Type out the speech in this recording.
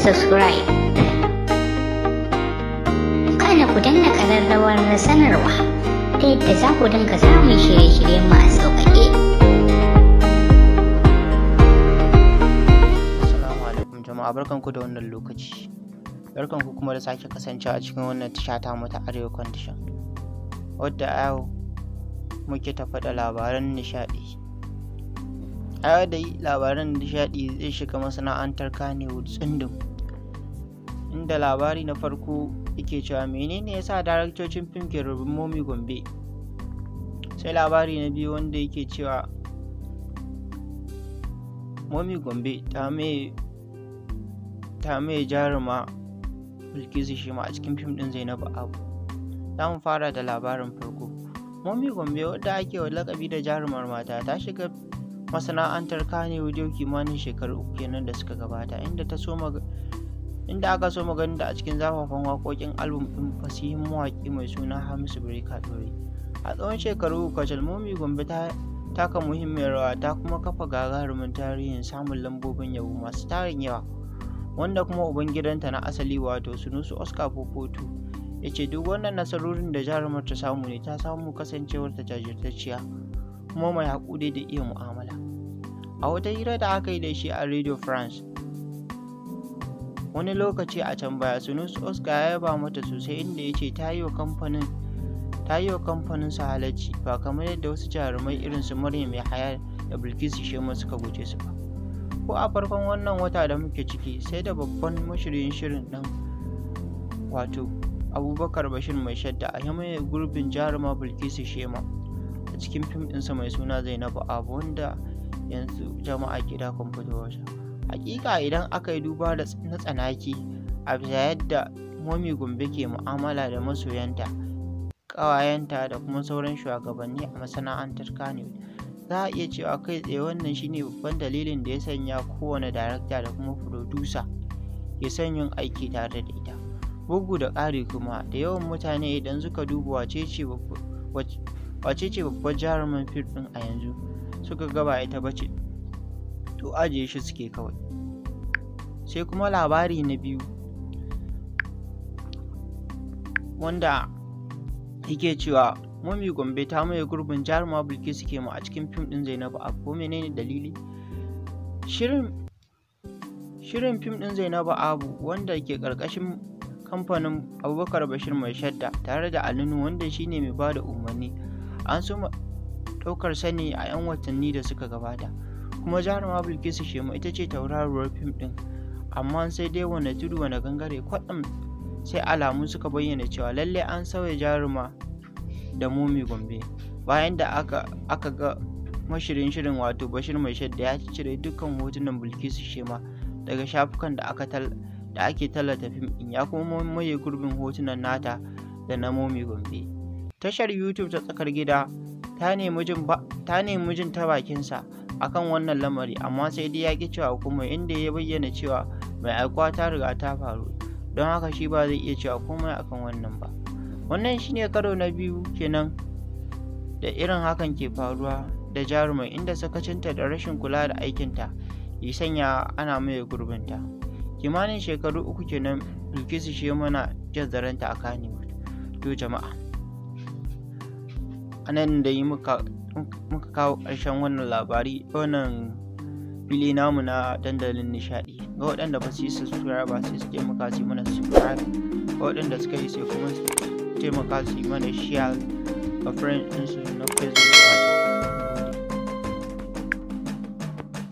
subscribe kana ku danna kararrawar sanarwa ta yadda za ku dinga samun shirye shirye masu sauƙaƙe assalamu alaikum jama'a barkanku da wannan lokaci barkanku kuma da sake kasancewa a cikin wannan tasha ta mata arewa condition wadda a yau muke ta faɗa labaran nishaɗi a yau dai labaran nishaɗi zai shiga masana'antar kanewood tsindin inda labari na farko yake cewa menene sa daraktocin fim ke rubin momi gombe sai labari na biyu wanda yake cewa momi gombe ta mai jaruma bilkisu shima a cikin fim ɗin zainabu abu za mu fara da labarin farko momi gombe wadda ake wa lakabi da jarumar mata ta shiga masana'antar kane yau kimanin shekaru uku kenan da suka gabata, inda ta soma inda aka so ganin da a cikin zafafan waƙoƙin album ɗin fasihin mawaƙi mai suna Hamisu Breaker Dore. A tsawon shekaru uku, Momi Gombe ta taka muhimmiyar rawa ta kuma kafa gagarumin tarihin samun lambobin yabo masu tarin yawa, wanda kuma ubangidanta na asali wato Sunusu Oscar Popoto ya ce duk wannan nasarorin da jarumar ta samu ne ta samu kasancewar ta jajirtacciya kuma mai haƙuri da iya mu'amala. a wata hira da aka yi da shi a Radio France. Wani lokaci a can baya Sunus Oscar ya yaba mata sosai inda ya ce ta yi wa kamfanin ta yi wa kamfanin su halacci ba kamar yadda wasu jarumai irin su Maryam Yahaya da Bilkisu Shema suka guje su ba. Ko a farkon wannan wata da muke ciki sai da babban mashirin shirin ɗin wato Abubakar Bashir mai shadda a yamaye gurbin jaruma Bilkisu Shema a cikin fim ɗinsa mai suna Zainabu Abu wanda yanzu jama'a gida kwamfuta washa hakika idan aka yi duba da na tsanaki a bisa yadda momi gumbe ke mu'amala da masoyanta ƙawayenta da kuma sauran shugabanni a masana'antar kano za a iya cewa kai tsaye wannan shine babban dalilin da ya sanya kowane darakta da kuma furodusa ya son yin aiki tare da ita bugu da ƙari kuma da yawan mutane idan suka duba wace ce babbar jarumin fim ɗin a yanzu suka gaba ita bace to ajiye shi suke kawai sai kuma labari na biyu wanda yake cewa momi gombe ta maye gurbin jaruma bilkisu ke mu a cikin fim din zainabu a ko menene dalili shirin shirin fim din zainabu abu wanda ke karkashin kamfanin abubakar bashir mai shadda tare da alinu wanda shine mai ba da umarni an Daukar sani a 'yan watanni da suka gabata kuma jaruma bilkisu shema ita ce tauraruwar fim ɗin amma sai dai wane tudu wane gangare kwaɗam sai alamu suka bayyana cewa lallai an sauya jaruma da Mumi gombe bayan da aka, ga mashirin shirin wato bashir mai shadda ya cire dukkan hotunan bilkisu shema daga shafukan da ake tallata fim ɗin ya kuma maye gurbin hotunan nata da na Mumi gombe tashar youtube ta tsakar gida ta nemi jin ta bakinsa akan wannan lamari amma sai dai ya ki cewa komai inda ya bayyana cewa mai aikuwa ta riga ta faru don haka shi ba zai iya cewa komai akan wannan ba wannan shine karo na biyu kenan da irin hakan ke faruwa da jarumai inda sakacinta da rashin kula da aikinta ya sanya ana mai gurbinta kimanin shekaru uku kenan bilkisu shi mana jazzaranta a kanewood to jama'a a nan da yi muka kawo ƙarshen wannan labari wannan fili namu na dandalin nishadi ga waɗanda ba su yi subscribe ba sai su taimaka su mana subscribe ga waɗanda suka yi sai kuma su taimaka su yi mana share a friend ɗinsu na facebook